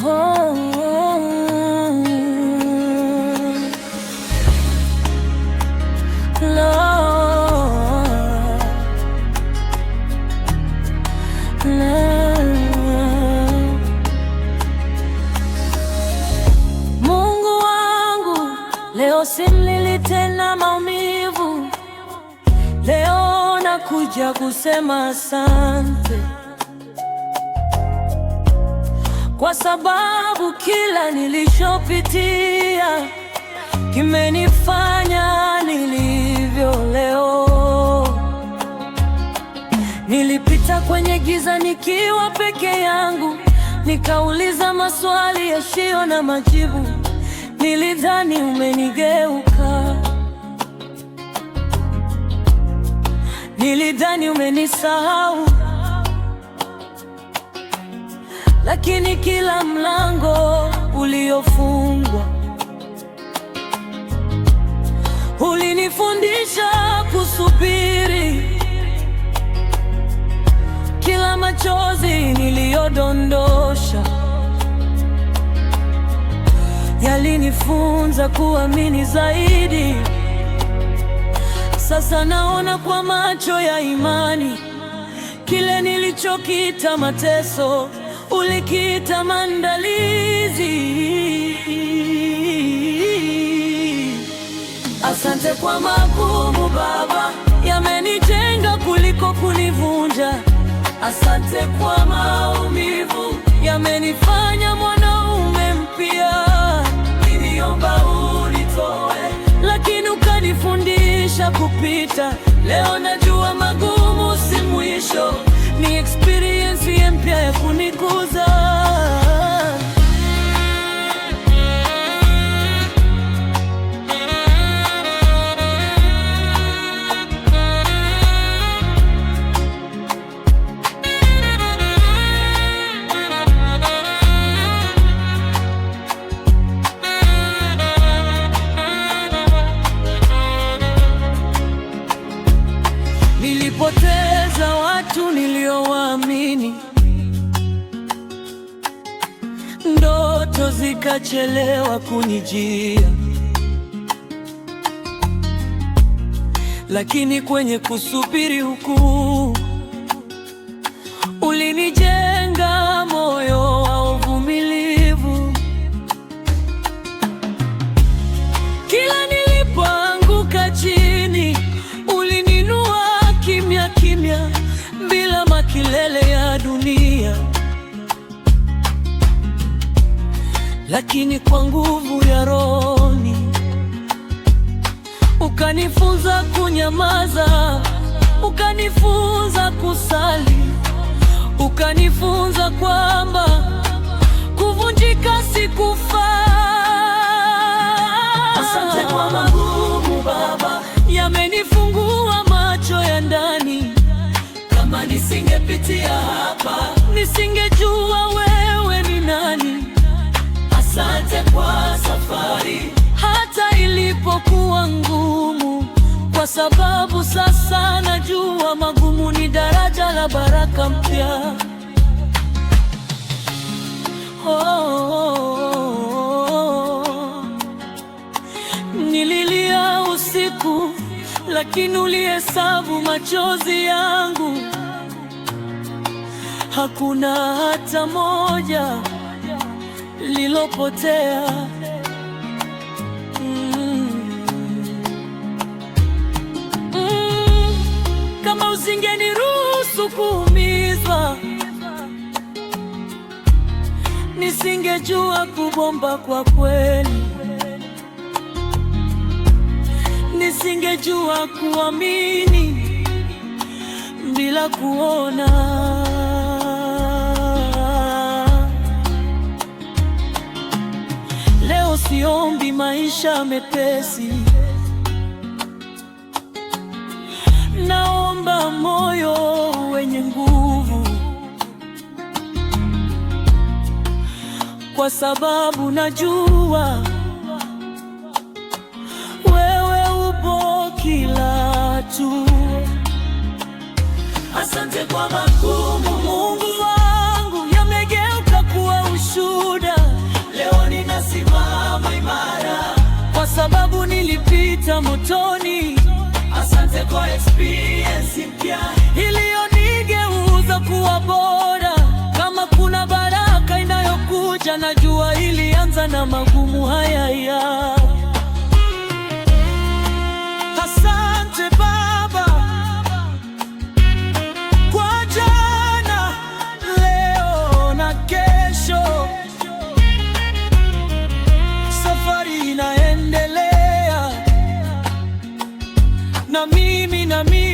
Mungu wangu, leo simlili tena maumivu, leo nakuja kusema asante kwa sababu kila nilichopitia kimenifanya nilivyo leo. Nilipita kwenye giza nikiwa peke yangu, nikauliza maswali yasiyo na majibu. Nilidhani umenigeuka, nilidhani umenisahau lakini kila mlango uliofungwa ulinifundisha kusubiri, kila machozi niliyodondosha yalinifunza kuamini zaidi. Sasa naona kwa macho ya imani kile nilichokita mateso ulikita maandalizi. Asante kwa magumu Baba, yamenijenga kuliko kunivunja. Asante kwa maumivu, yamenifanya mwanaume mpya. Niliomba unitoe, lakini ukanifundisha kupita. Leo najua magumu zikachelewa kunijia, lakini kwenye kusubiri huku lakini kwa nguvu ya rohoni ukanifunza kunyamaza, ukanifunza kusali, ukanifunza kwamba kuvunjika siku kuwa ngumu, kwa sababu sasa najua magumu ni daraja la baraka mpya. oh, oh, oh, oh. Nililia usiku lakini ulihesabu machozi yangu, hakuna hata moja lilopotea. usingeniruhusu kuumizwa, nisingejua kubomba kwa kweli, nisingejua kuamini bila kuona. Leo siombi maisha mepesi Mwamba, moyo wenye nguvu, kwa sababu najua wewe upo kila tu. Asante kwa makumu, Mungu wangu, yamegeuka kuwa ushuda. Leo ninasimama imara, kwa sababu nilipita motoni Asante kwa experience mpya iliyonigeuza kuwa bora. Kama kuna baraka inayokuja, najua ilianza na magumu haya ya na mimi na mimi